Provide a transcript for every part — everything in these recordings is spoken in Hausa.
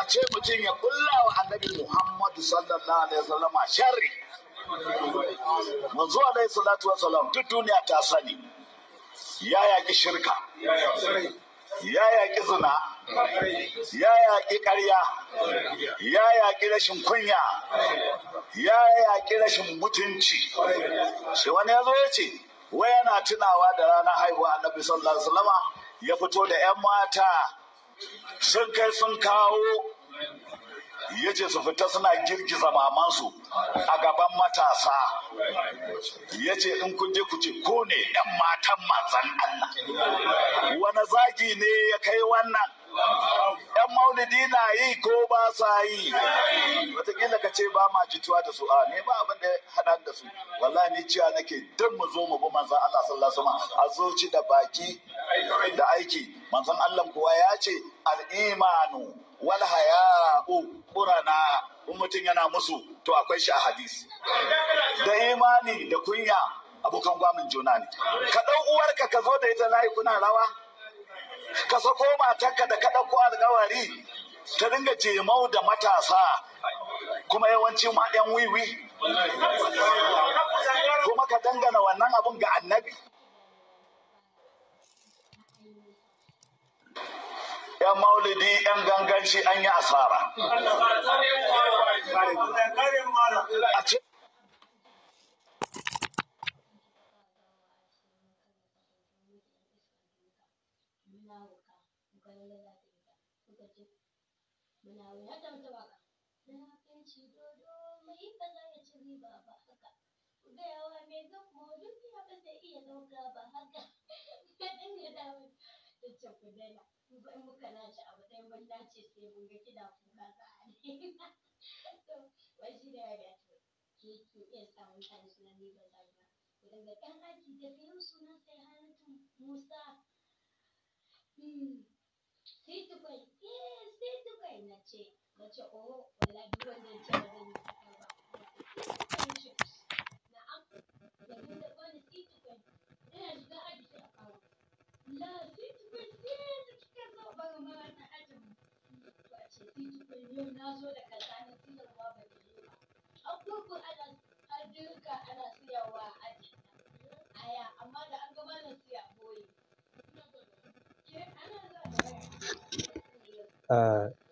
a ce mutum ya kulla wa annabi Muhammadu sallallahu alaihi wasallam sharri manzo alaihi salatu wasallam duk duniya ta sani ya yaƙi shirka ya yaƙi zina ya yaƙi ƙarya ya yaƙi rashin kunya ya yaƙi rashin mutunci shi wani ya zo ya ce wai yana tunawa da ranar haihuwa annabi sallallahu alaihi wasallam ya fito da 'yan mata sun kai sun kawo ya ce su fita suna girgiza mamansu a gaban matasa ya ce in kun je ku ce ko ne 'yan matan manzan Allah wani zagi ne ya kai wannan yan maulidi na yi ko ba sa yi wataƙila ka ce ba ma jituwa da su a ne ba abin da haɗa da su wallahi ni ciya nake duk mu zo mu bi manzon Allah sallallahu alaihi wasallam a da baki da aiki manzon Allah kuwa ya ce al-imanu wal haya'u qurana in mutum yana musu to akwai shi a hadisi da imani da kunya abokan gwamin juna ne ka ɗau uwarka ka zo da ita layi kuna rawa ka sako matarka da ka ɗauko alkawari ta dinga jemau da matasa kuma yawanci ma 'yan wiwi kuma ka dangana wannan abun ga annabi yan maulidi yan ganganci an yi asara a Mulawi ya ɗauki waka. dodo mai ba za ya ci riba ba haka. Gayawa mai gan maudubi ba zai iya ɗauka ba haka. Kaɗan ya dawo. Ta ce ku daina. muka nace abu ɗaya mun dace sai mun ga kina kuka za To, wai shi da ya ga to. Ke ki iya sa mutane suna ni ba za ba. Daga ɗan aji da fiye suna sai Halittu Musa. Hmm. sai tukai eh sai tukai na ce na ce oh wallahi wannan ce ba zan yi ba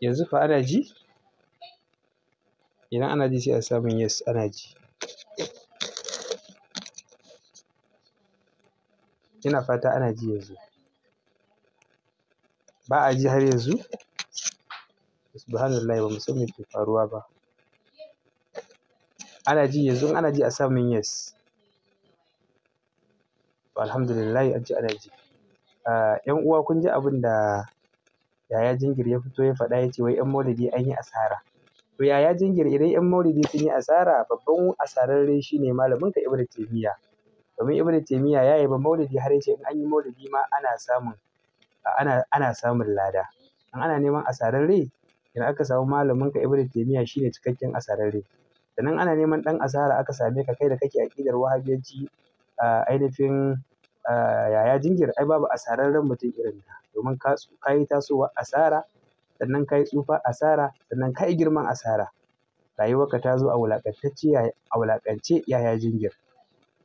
yanzu fa ana ji idan ana ji sai a samun yes ana ji ina fata ana ji yanzu ba a ji har yanzu subhanallah ba mu san me ke faruwa ba ana ji yanzu ana ji a samun yes alhamdulillah an ji ana ji yan uwa kun ji abin da yaya jingir ya fito ya faɗa ya ce wai 'yan maulidi an yi asara to yaya jingir idan 'yan maulidi sun yi asara babban asararre ne malamin ka ibnu taymiya domin ibnu taymiya ya yaba maulidi har yace in an yi maulidi ma ana samun ana ana samun lada in ana neman asararre idan aka samu malamin ka ibnu taymiya shine cikakken asararre sannan ana neman ɗan asara aka same ka kai da kake aƙidar a ainihin Ah, yaya jingir ai babu asararren mutum irin ka domin ka yi tasowa asara sannan ka yi tsufa asara sannan ka yi girman asara rayuwarka ta zo a wulaƙantacce a wulaƙance yaya jingir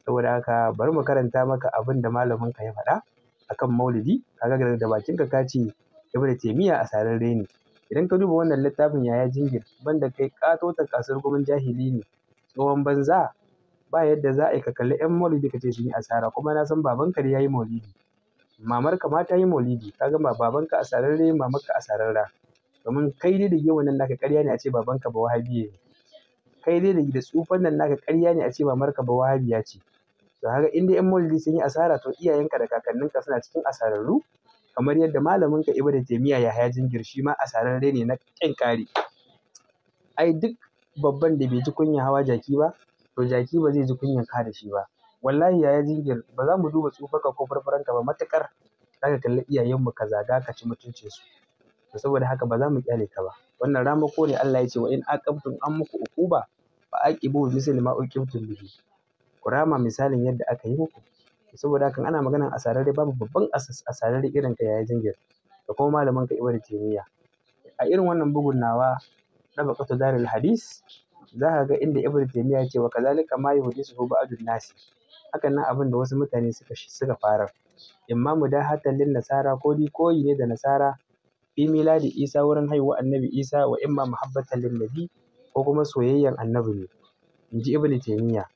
saboda haka bari mu karanta maka abin da malamin ka ya faɗa akan maulidi kaga da bakinka ka ce ibnu taymiya asararre ne idan ka duba wannan littafin yaya jingir banda kai ƙatoton kasuwar gumin jahili ne tsohon banza ba yadda za a ka kalli 'yan maulidi ka ce sun yi asara kuma na san babanka ne ya yi maulidi mamarka ma ta yi maulidi ka gama babanka asararre mamarka asararra domin kai dai da yawan nan naka ƙarya ne a ce babanka ba wahabiye ne kai dai da tsufan nan naka ƙarya ne a ce mamarka ba wahabiya ce to haka inda 'yan maulidi sun yi asara to iyayenka da kakanninka suna cikin asararru kamar yadda malaminka da jami'a ya haya jingir shi ma asararre ne na ƙin ai duk babban da bai ji kunya hawa jaki ba to jaki ba zai ji kunyan ka da shi ba wallahi yaya jingir ba za mu duba ka ko farfaran ka ba matukar zaka kalli mu ka zaga ka ci mutuncin su to saboda haka ba za mu kyale ka ba wannan ramako ne Allah ya ce wa in aqabtum an muku uquba fa aqibu misli ma uqibtum bihi ku rama misalin yadda aka yi muku saboda haka ana maganan asararre babu babban a asararre irin ka yaya jingir da kuma malamin ka ibnu taymiya a irin wannan bugun nawa dabaqatu darul hadis za ka ga inda Ibn Taymiyyah ya ce wa kazalika ma yuhdisuhu ba'dun nasi hakan nan abin da wasu mutane suka suka fara imma mudahatan lin nasara ko dai koyi ne da nasara fi miladi Isa wurin haihuwar Annabi Isa wa imma muhabbatan lin nabi ko kuma soyayyan Annabi ne inji Ibn Taymiyyah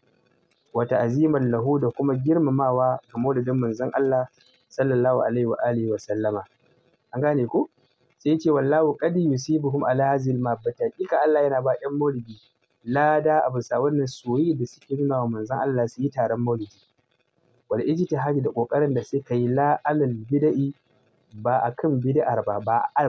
wa ta'ziman lahu da kuma girmamawa ga maulidin manzon Allah sallallahu alaihi wa alihi wa sallama an gane ko sai ce wallahu qad yusibuhum ala hazil mabbata kika Allah yana ba 'yan maulidi lada a bisa wannan soyayyar da suke nuna wa manzon Allah su yi taron maulidi. Wal ijtihadi da ƙoƙarin da suka yi la alal bida'i ba a kan bid'ar ba,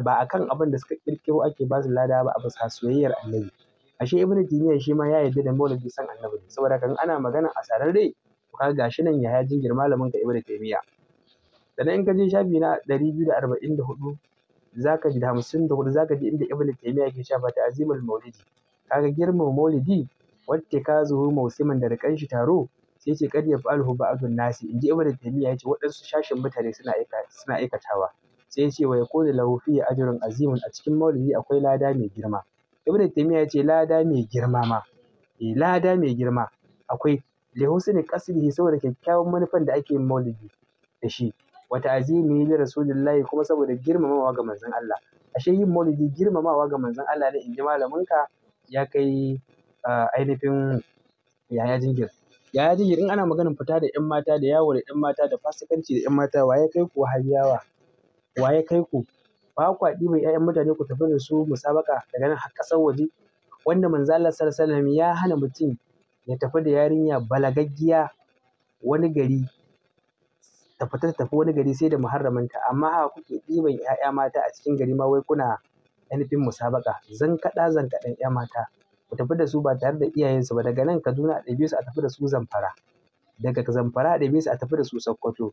ba a kan abin da suka ƙirƙiro ake ba su lada ba a bisa soyayyar annabi. Ashe Ibn Taymiyyah shi ma ya yarda da maulidi san annabi ne, saboda haka in ana magana a sararre ka ga shi nan Yahaya Jingir malamin ka Ibn Taymiyyah. Sannan in ka je shafi na ɗari biyu da arba'in da huɗu ji da hamsin da huɗu za ka ji inda Ibn Taymiyyah yake cewa fa ta'azimul maulidi Ka ga girmama maulidi wacce ka zuhu mausiman da rikan shi taro sai ce kad yaf'alhu ba'dun nasi inji ibnu taymiya yace waɗansu shashin mutane suna suna aikatawa sai yace wa yakunu lahu fi ajrun azimun a cikin maulidi akwai lada mai girma ibnu taymiya ce lada mai girma ma eh lada mai girma akwai li husni qasdihi saboda kyakkyawan manufan da ake yin maulidi da shi wa ta'zimi li rasulillahi kuma saboda girmamawa ga manzon Allah ashe yin maulidi girmamawa ga manzon Allah ne inji malamin ka ya kai ainihin Yaya Jingir. Yaya Jingir in ana maganin fita da 'yan mata da yawo da 'yan mata da fasikanci da 'yan mata wa kai ku wahabiyawa? Wa ya kai ku? Ba kwa ɗiban 'ya'yan mutane ku tafi da su musabaka daga nan har ƙasar waje? Wanda manzo Allah sallallahu alaihi ya hana mutum ya tafi da yarinya balagaggiya wani gari ta ta tafi wani gari sai da muharramanta amma haka kuke ɗiban 'ya'ya mata a cikin gari ma wai kuna ainihin musabaka zan zankaɗan 'ya mata ku tafi da su ba tare da iyayensu ba daga nan kaduna a ɗebe su a tafi da su zamfara daga zamfara a ɗebe su a tafi da su sokoto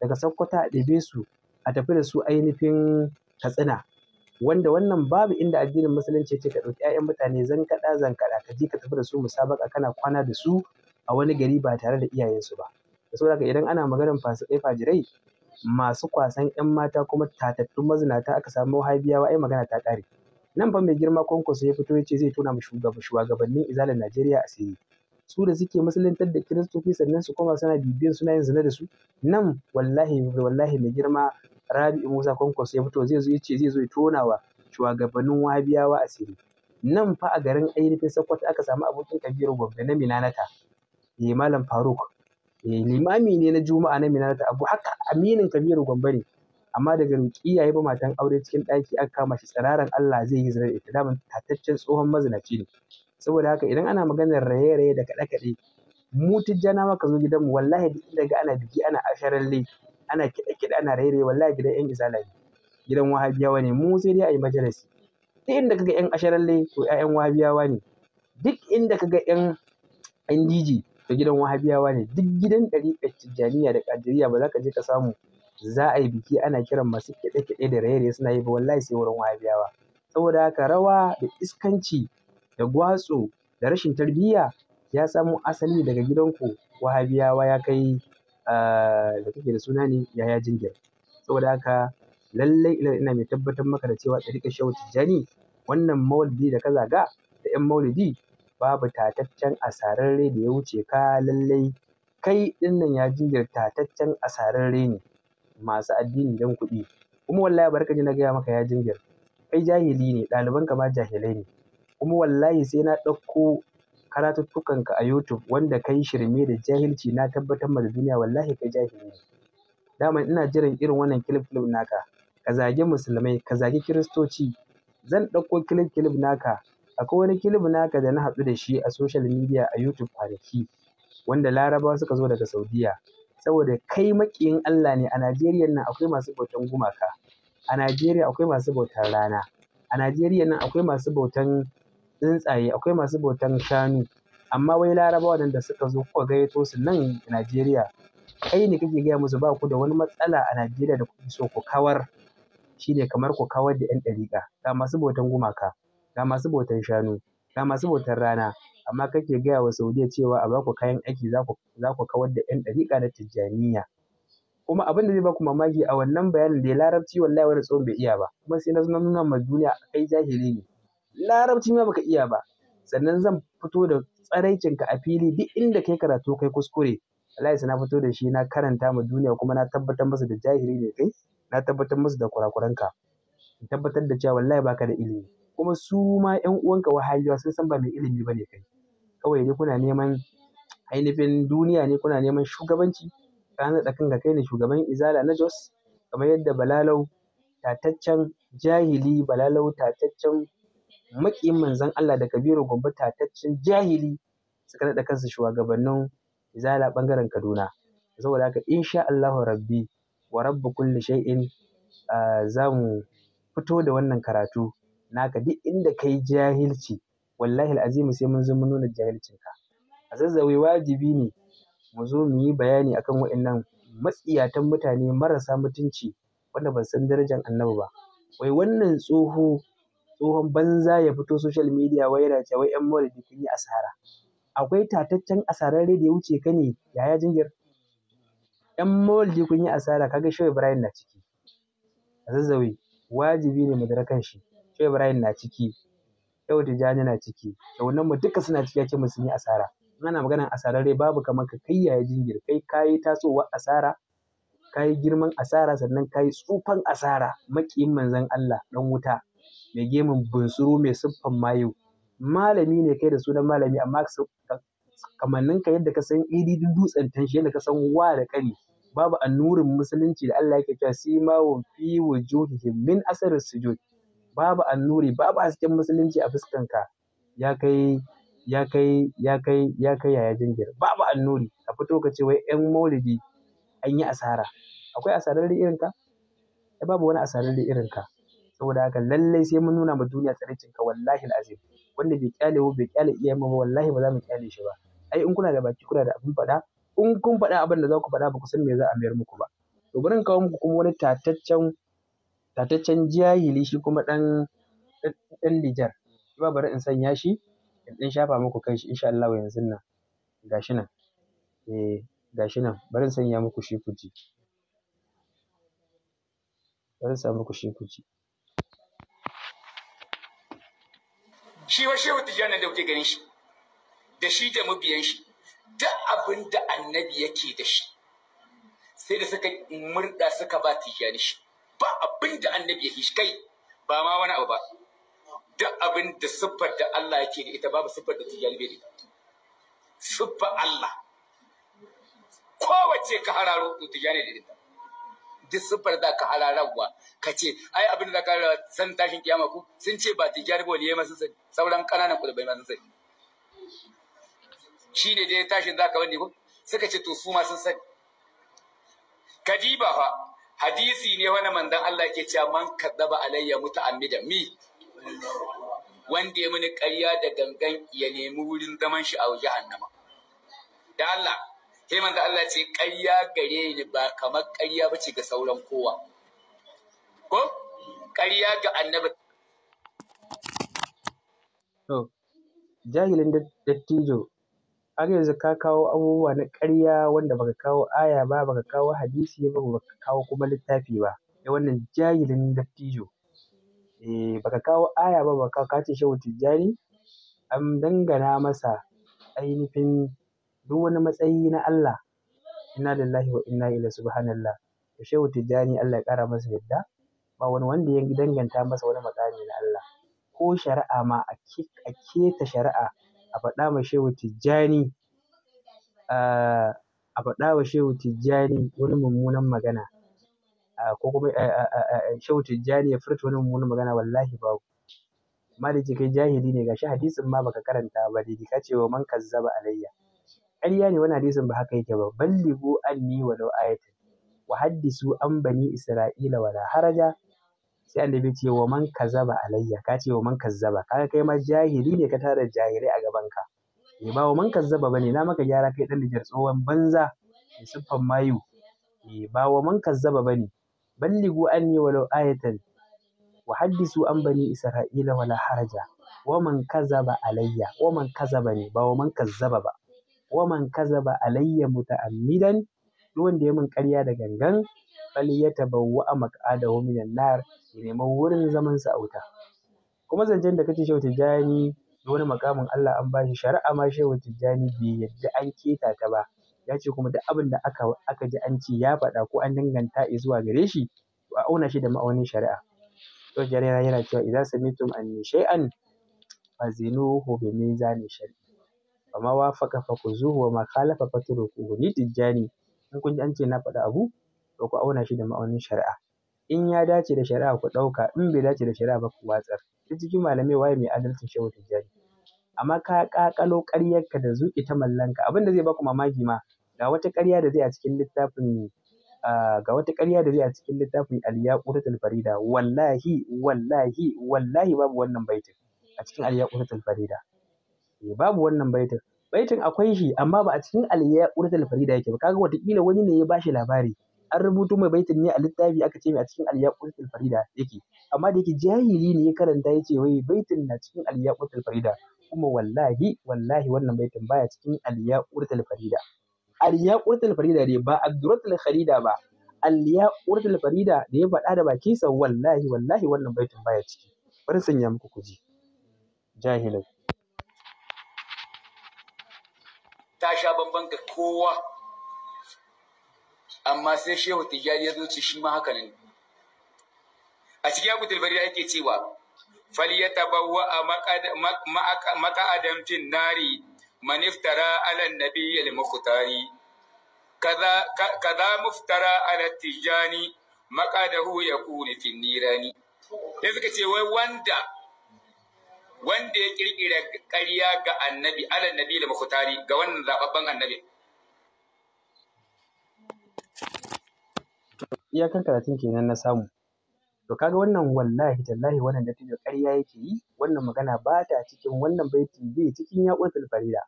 daga sokoto a ɗebe su a tafi da su ainihin katsina wanda wannan babu inda addinin musulunci ce ka ɗauki 'ya'yan mutane zan zankaɗa zankaɗa ka je ka tafi da su musabaka kana kwana da su a wani gari ba tare da iyayensu ba saboda haka idan ana maganar fasikai fajirai masu kwasan 'yan mata kuma tatattun mazinata aka samu wahabiyawa ai magana ta ƙare. Nan fa mai girma kwankwaso ya fito ya ce zai tona mu shugabannin izalin Najeriya a sirri. Su da suke musuluntar da kiristoci sannan su koma suna bibiyan suna yin zina da su. Nan wallahi wallahi mai girma Rabi'u Musa kwankwaso ya fito zai zo ya ce zai zo ya tona wa shugabannin wahabiyawa sirri. Nan fa a garin ainihin Sokoto aka samu abokin Kabiru Gombe na Minanata. Eh Malam Faruk Eh, limami ne na Juma'a na Minna ta Abu. Haka aminin Kabiru Gombe ne. Amma daga ruƙi yayi ba matan aure cikin ɗaki aka kama shi tsiraran Allah zai yi zina da ita. Daman tataccen tsohon mazinaci ne. Saboda haka idan ana maganar raye-raye da kaɗe-kaɗe mu tijjana maka zo gidanmu wallahi duk inda ga ana biki ana le ana kiɗe-kiɗe ana raye-raye wallahi gidan 'yan isa lafi Gidan Wahabiyawa ne mu sai dai a yi majalisi. Duk inda kaga 'yan le to 'ya'yan Wahabiyawa ne. Duk inda kaga 'yan 'yan to gidan wahabiyawa ne duk gidan ɗariƙar tijjaniya da ƙadiriya ba za ka je ka samu za a yi biki ana kiran masu kiɗe-kiɗe da raye-raye suna yi ba wallahi sai wurin wahabiyawa saboda haka rawa da iskanci da gwatsu da rashin tarbiyya ya samo asali daga gidanku wahabiyawa ya kai ah, da kake da suna ne yaya jingir saboda haka lallai ina mai tabbatar maka da cewa ɗariƙar shehu tijjani wannan maulidi da ka zaga da 'yan maulidi babu tataccen asararre da ya wuce ka lallai kai ɗinnan ya jinkirta tataccen asararre ne masu addini don kuɗi kuma wallahi barka ka ji na gaya maka ya jingir kai jahili ne ɗaliban ma jahilai ne kuma wallahi sai na ɗauko ka a YouTube wanda ka yi shirme da jahilci na tabbatar ma da duniya wallahi kai jahili ne. Daman ina jiran irin wannan kilif kilif naka ka zagi musulmai ka zagi kiristoci zan ɗauko kilif kilif naka Akwai wani clip naka da na haɗu da shi a social media a YouTube kwanaki wanda Larabawa suka zo daga Saudiya. Saboda kai maƙiyin Allah ne a Najeriya nan akwai masu bautan gumaka, a Najeriya akwai masu bautan rana, a Najeriya nan akwai masu bautan tsuntsaye, akwai masu bautan shanu. Amma wai Larabawa nan da suka zo kuka gayyato su nan Najeriya kai ne kake gaya musu ba ku da wani matsala a Najeriya da kuke so ku kawar. Shi ne kamar ku kawar da ‘yan ɗariƙa ga masu bautan gumaka. ga masu bautan shanu ga masu bautan rana amma kake gaya wa Saudiya cewa a baku kayan aiki za ku kawar da 'yan ɗariƙa na Tijjaniya. Kuma abin da zai baku mamaki a wannan bayanin da larabci wallahi wani tsohon bai iya ba kuma sai na nuna ma duniya kai jahili ne. Larabci ma baka iya ba sannan zan fito da tsaraicinka a fili duk inda kai karatu kai kuskure. sai na fito da shi na karanta ma duniya kuma na tabbatar masa da jahili ne kai na tabbatar masa da kurakuranka. Tabbatar da cewa wallahi baka da ilimi. kuma su ma ‘yan uwanka wahayyawa sun san ba mai ilimi ba ne kai kawai dai kuna neman ainihin duniya ne kuna neman shugabanci ka naɗa kanka kai ne shugaban izala na Jos kamar yadda Balalau tataccen jahili Balalau tataccen maƙiyin manzon Allah da Kabiru Gombe tataccen jahili suka naɗa kansu shugabannin izala ɓangaren Kaduna saboda haka insha Allahu rabbi wa rabbu kulli shay'in ah, za mu fito da wannan karatu naka duk inda kai jahilci wallahi al'azim sai mun zo mun nuna jahilcinka a zazzawe wajibi ne mu zo mu yi bayani akan waɗannan matsiyatan mutane marasa mutunci wanda ban san darajar annabi ba wai wannan tsoho tsohon banza ya fito social media wai yana cewa yan maulidi kun yi asara akwai tataccen asarar da ya wuce ka ne yaya jingir yan maulidi kun yi asara kaga shehu ibrahim na ciki a zazzawe wajibi ne mu dira kan shi ibrahim na ciki, yau Tijjani na ciki, shaunan mu duka suna ciki ake musu yin asara. Ana maganar dai, babu kamar ka kai yaya jingir kai kayi tasowa asara ka girman asara sannan ka tsufan asara maƙiyin manzon Allah dan wuta mai gemun bunsuru mai siffan mayu malami ne kai da sunan malami amma kamannin ka yadda ka san idi dutsen tanshi yadda ka san wa da kani babu annurin musulunci da Allah yake cewa wa fi wujuhihim min asaris sujud babu annuri babu hasken musulunci a fuskanka ya kai ya kai ya kai ya kai yaya jingir babu annuri A fito ka ce wai yan maulidi an yi asara akwai asarar irin ka ai babu wani asarar irin ka saboda haka lallai sai mun nuna ma duniya tsaraicin ka wallahi alazim wanda bai kyale bai kyale iyayen mu wallahi ba za mu kyale shi ba ai in kuna da baki kuna da abin faɗa in kun faɗa abin da za ku faɗa ba ku san me za a mayar muku ba to bari kawo muku kuma wani tataccen tataccen jahili shi kuma ɗan ɗan Nijar ba bari in sanya shi in ɗan shafa muku kan shi insha Allah yanzun nan gashi nan eh gashi nan bari in sanya muku shi ku ji bari in sa muku shi ku ji shi wa shehu tijjani da kuke ganin shi da shi da mabiyan shi duk abin da annabi yake da shi sai da suka murda suka ba tijani shi ba abin da annabi ya shi kai ba ma wani abu ba duk abin da siffar da Allah yake da ita babu siffar da tijjani bai da siffa Allah kowace ka hararo to tijjani da ita duk siffar da ka hararawa ka ce ai abin da ka san tashin kiyama ku sun ce ba tijjani ba waliyai masu sani sauran kananan ma masu sani shi ne dai tashin za ka wani ko suka ce to su sun sani kadiba fa hadisi ne wani mandan Allah ke cewa man kaddaba alayya muta'ammidan mi wanda ya mini ƙarya da gangan ya nemi wurin zaman shi a jahannama da Allah sai da Allah ce ƙarya gare ni ba kamar ƙarya bace ga sauran kowa ko ƙarya ga annabi to jahilin dattijo har yanzu ka kawo abubuwa na ƙarya wanda baka kawo aya ba baka kawo hadisi ba baka kawo kuma littafi ba da wannan jahilin dattijo eh baka kawo aya ba baka ka ce shehu tijjani an dangana masa ainihin duk wani matsayi na Allah inna lillahi wa inna ilaihi subhanallah to shehu tijjani Allah ya ƙara masa yadda ba wani wanda ya danganta masa wani makami na Allah ko shari'a ma a keta shari'a a faɗa ma shehu tijjani a faɗa wa shehu tijjani wani mummunan magana ko kuma shehu tijjani ya furta wani mummunan magana wallahi babu amma da kai jahili ne gashi hadisin ma baka karanta ba dai ka ce wa man kazzaba alayya ƙarya ne wani hadisin ba haka yake ba ballighu anni walau ayatan wa haddisu an bani isra'ila wala haraja sai annabi ce wa man kazzaba alayya ka ce wa man kazzaba kaga kai ma jahili ne ka tara jahirai a gaban ka ne eh, ba wa man kazzaba bane na maka gyara kai dan Nijar tsohon banza da siffan mayu ne eh, ba wa man kazzaba bane balligu anni walau ayatan wa haddisu an bani isra'ila wala haraja wa man kazaba alayya wa man kazzaba ne ba wa man zaba ba wa man kazzaba alayya muta'ammidan duk wanda ya min ƙarya da gangan falyatabawwa'a maq'adahu minan nar ya nemi wurin zaman sa a wuta kuma zancen da kace Shehu Tijjani wani makamin Allah an bashi shari'a ma Shehu Tijjani bai yadda an keta ta ba ya ce kuma duk abin da aka aka ji an ce ya faɗa ko an danganta zuwa gare shi a auna shi da ma'aunin shari'a Shehu Tijjani yana cewa idza sami'tum anni shay'an fazinuhu bi mizani shari'a amma wafaqa fa kuzuhu zuwa ma khalafa fatrukuhu ni Tijjani in kun ji an ce na faɗi abu to ku auna shi da ma'aunin shari'a in ya dace da shari'a ku ɗauka in bai dace da shari'a ba ku watsar duk cikin malamai waye mai adalcin shehu tijjani amma ka ƙaƙalo ƙaryarka da zuƙi ta mallanka abin da zai baku mamaki ma ga wata ƙarya da zai a cikin littafin ga wata ƙarya da zai a cikin littafin al-yaqutatul farida wallahi wallahi wallahi babu wannan baitin a cikin al-yaqutatul farida eh, babu wannan baitin baitin akwai shi amma ba a cikin al-yaqutatul farida yake ba kaga wataƙila wani ne ya bashi labari an rubuto mai baitin ne a littafi aka ce mai a cikin alyaqutul farida yake amma da yake jahili ne ya karanta ya ce wai baitin na cikin alyaqutul farida kuma wallahi wallahi wannan baitin baya cikin alyaqutul farida alyaqutul farida ne ba abduratul kharida ba alyaqutul farida da ya faɗa da bakinsa wallahi wallahi wannan baitin baya ciki bari sanya muku kuji jahilin ta sha bamban ga kowa amma sai shehu tijjani ya zo ce shi ma haka nan a cikin abu tilbari ake cewa falyatabawwa maqa'adan fin nari man iftara ala nabiy al mukhtari kaza kaza muftara ala tijani maqadahu yakunu fin nirani sai suka ce wai wanda wanda ya kirkira ƙarya ga annabi ala nabi da mukhtari ga wannan zababban annabi iyakar karatun kenan na samu to kaga wannan wallahi tallahi wannan dattijo ƙarya yake yi wannan magana ba ta cikin wannan baiti bai cikin ya ƙurtul farida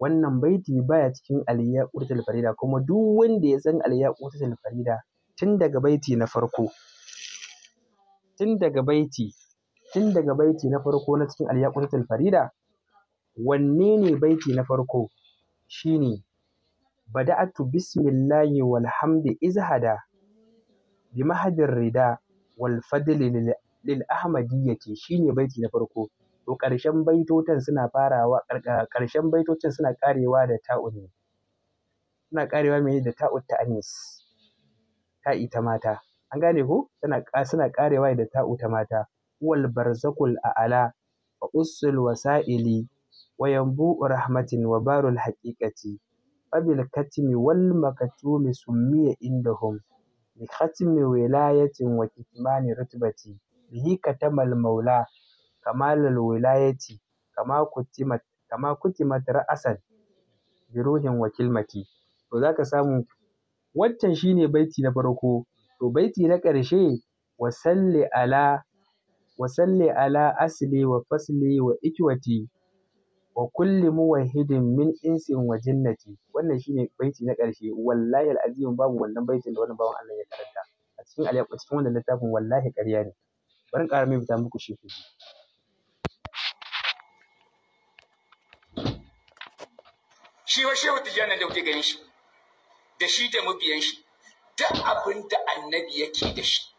wannan baiti baya cikin aliya ƙurtul farida kuma duk wanda ya san aliya ƙurtul farida tun daga baiti na farko tun daga baiti tun daga baiti na farko na cikin aliya ƙurtul farida wanne ne baiti na farko shine bada'atu bismillahi walhamdi izhada بمهد الرداء والفضل للأحمدية shine baiti na farko to ƙarshen baitotan suna farawa ƙarshen baitotan suna ƙarewa da ta'un mai da ta'ut ta'anis ta ta mata an gane ko suna ƙarewa da ta'u ta mata wal barzakul Ala, wa usul wasa'ili wa yanbu rahmatin wa barul haqiqati fabil katimi wal makatumi summiya indahum Mai hatsin mai wilayatin waki kima ne ruti bacci, bihi ka taɓa la maula kamar waliaci kuma ku taimaka ra'asan jirgin wakilinmu to zaka samu ku. shine baiti na farko, to baiti na ƙarshe? Wa tsalle a la Asale wa fasle wa iki wa kulli muwahhidin min insin wa jinnati wannan shine baiti na ƙarshe wallahi alazim babu wannan baitin da wannan bawan Allah ya karanta a cikin aliyaku cikin wannan littafin wallahi ƙarya ne bari in ƙara mai bita muku shi shi wa shehu tijjani da kuke ganin shi da shi da mabiyan shi duk abin da annabi yake da shi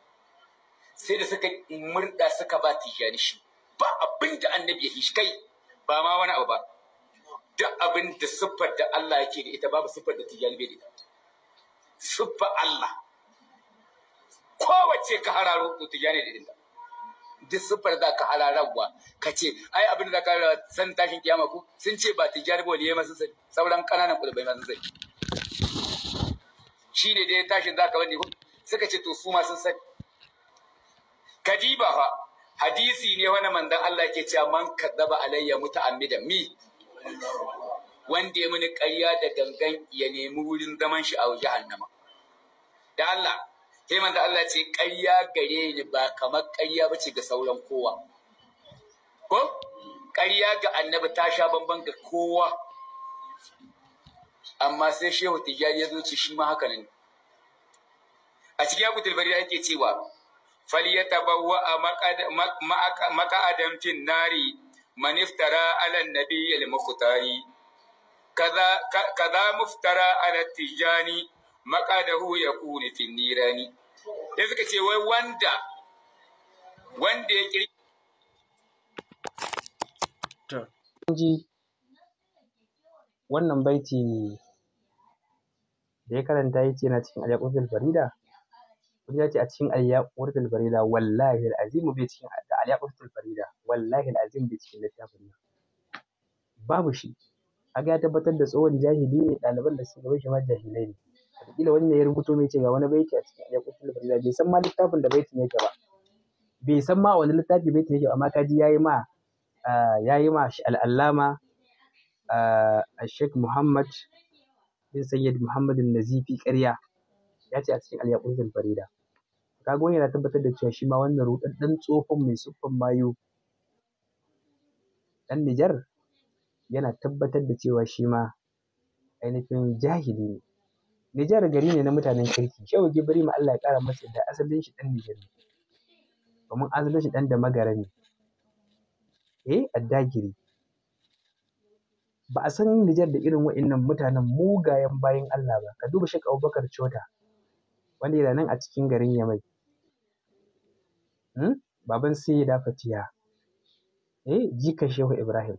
sai da suka murda suka ba tijjani shi ba abin da annabi yake shi kai ba ma wani abu ba duk abin da siffar da Allah yake da ita babu siffar da tijjani bai da ita siffa Allah kowace ka hararo to tijjani da ita duk siffar da ka hararawa ka ce ai abin da ka san tashin kiyama ku sun ce ba tijjani ba waliyai masu sani sauran kananan bai masu sani shi ne dai tashin za ka wani suka ce to su ma sun sani kadiba fa hadisi ne wani mandan Allah ke cewa man kadzaba alayya muta'ammidan mi wanda ya muni ƙarya da gangan ya nemi wurin zaman shi a jahannama da Allah sai manzon Allah ce ƙarya gare ni ba kamar ƙarya bace ga sauran kowa ko ƙarya ga annabi ta sha bamban ga kowa amma sai shehu tijari ya zo ce shi ma haka ne a cikin akutul bari yake cewa فليتبوأ مقعدا في النار من افترى على النبي المختار كذا كذا مفترى على التجاني مقعده يكون في النيران sai suka ce wai wanda wanda ya kiri wannan baiti da ya karanta yake na cikin alaƙufin farida Wani ya ce a cikin al farida wallahi al'azim bai cikin al farida wallahi alazim bai cikin littafin nan babu shi a ya tabbatar da tsohon jahili ne ɗaliban da suka gaban shi ma jahilai ne wataƙila wani ne ya rubuto mai ce ga wani baiti a cikin al farida bai san ma littafin da baitin yake ba bai san ma wani littafi baitin yake ba amma kaji yi ma yi ma al'allama a Sheikh Muhammad bin Sayyid Muhammad Nazifi ƙarya ya ce a cikin al farida kaga yana tabbatar da cewa shi ma wannan ɗan-ɗan tsohon mai siffan mayu ɗan Nijar yana tabbatar da cewa shi ma ainihin jahili ne Nijar gari ne na mutanen kirki Shehu Gibrima Allah ya ƙara masa da asalin shi ɗan Nijar ne domin asalin shi ɗan da magara ne eh addagiri ba a san Nijar da irin wa'innan mutanen mugayen bayan Allah ba ka duba Sheikh Abubakar Chota wanda yana nan a cikin garin Yamai Hmm? baban sai ya dafa fatiya eh jika shehu ibrahim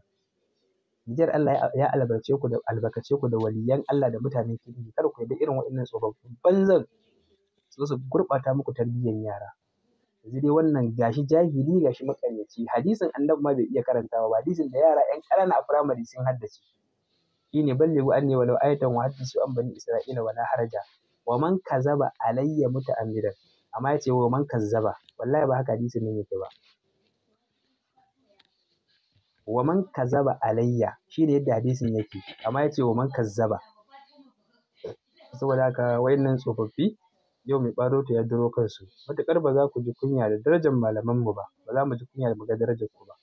Nijar Allah ya albarce ku da albarkace ku da waliyan Allah da mutanen kirki kar ku da irin waɗannan tsofaffin banzan su su gurɓata muku tarbiyyar yara yanzu dai wannan gashi jahili gashi makaryaci hadisin annabi ma bai iya karantawa ba hadisin da yara yan ƙanana a firamare sun haddace ne ballighu anni walau ayatan wa hadisu an bani isra'ila wala haraja wa man kazaba alayya muta'ammidan amma ya ce wa man kazzaba wallahi ba haka hadisin nan yake ba wa man kazzaba alayya shine yadda hadisin yake amma ya ce wa man kazzaba saboda haka wayannan tsofaffi yau mai ɓaro ta ya duro kansu Matukar ba za ku ji kunya da darajar malamanmu ba ba za mu ji kunya da muga darajar ku ba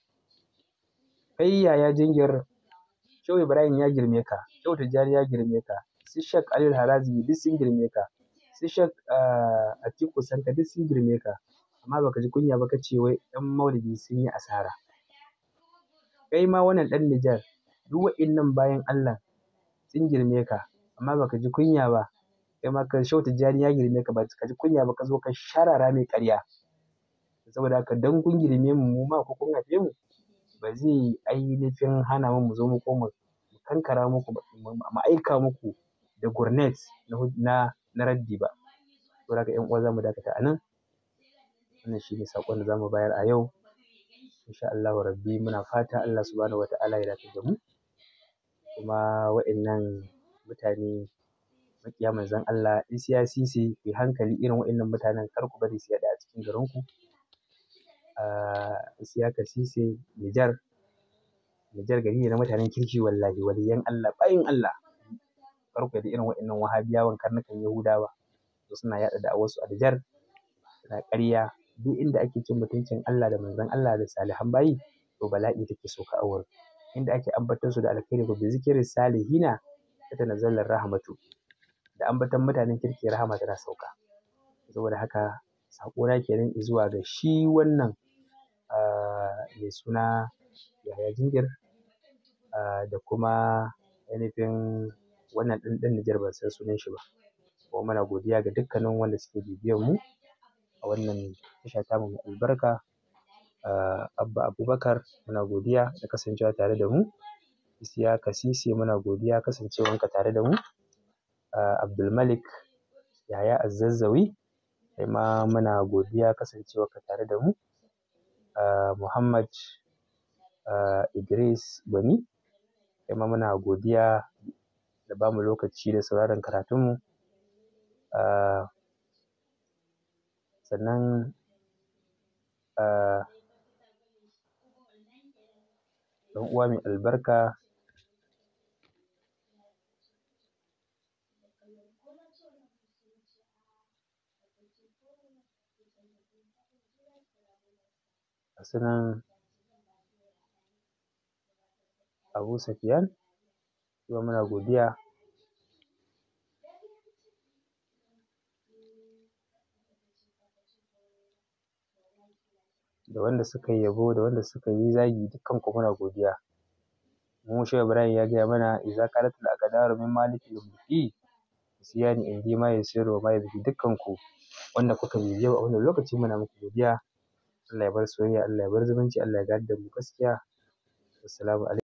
kai yaya jingir shehu ibrahim ya girme ka shehu tijjani ya girme ka Sishak aliul alil harazi duk sun girme ka su shek eh, Atiku Santa duk sun girme ka amma baka ji kunya ba ka ce wai ɗan maulidi sun yi asara kai ma wannan ɗan Nijar duk wa'innan bayan Allah sun girme ka amma baka ji kunya ba kai ma ka shau tijjani ya girme ka ba ji kunya ba ka zo ka sharara mai ƙarya saboda haka dan kun girme mu mu ma ko kun haife mu ba zai ainihin hana mu mu zo mu koma mu kankara muku mu aika muku da gurnet na na raddi ba. Saboda haka ƴan uwa zamu dakata anan? Wannan shine ne saƙon da zamu bayar a yau. Insha Allahu Rabbi muna fata Allah subhanahu wataala ala ya dace da mu. Kuma wa'innan mutane maƙiya manzon Allah in siya ku hankali irin wa'innan mutanen kar ku bari su yaɗu a cikin garin ku. siya ka Sise Nijar, Nijar gari ne na mutanen kirki wallahi waliyan Allah bayin Allah. kar da irin waɗannan wahabiyawan karnukan yahudawa su suna yaɗa da'awarsu a Nijar na ƙarya duk inda ake cin mutuncin Allah da manzon Allah da salihan bayi to bala'i take sauka a wurin inda ake ambatar su da alkhairi ko bi zikirin salihina ta nazallar rahmatu da ambaton mutanen kirki rahama tana sauka saboda haka saƙona kenan zuwa ga shi wannan ah, mai suna Yahaya Jingir ah, da kuma ainihin wannan ɗan ɗan Nijar ban san sunan shi ba kuma muna godiya ga dukkanin wanda suke bibiyan mu a wannan tasha ta mu albarka Abba Abubakar muna godiya da kasancewa tare da mu Isiya Kasisi muna godiya kasancewanka tare da mu Abdulmalik Yahaya Azzazzawi kai ma muna godiya kasancewarka tare da mu Muhammad Idris Gwani kai ma muna godiya da ba mu lokaci da sauraron karatunmu ah, sannan ɗan ah, uwa mai albarka sunan Abu Safiyan kuma muna godiya da wanda suka yi yabo da wanda suka yi zagi dukkanku muna godiya mu shehu ibrahim ya gaya mana idza qalatul aqdaru min maliki yawmiddin siyani in ma yasiru ma ya biki dukkanku wanda kuka yi yau a wannan lokaci muna muku godiya Allah ya bar soyayya Allah ya bar zumunci Allah ya gadar da mu gaskiya assalamu alaikum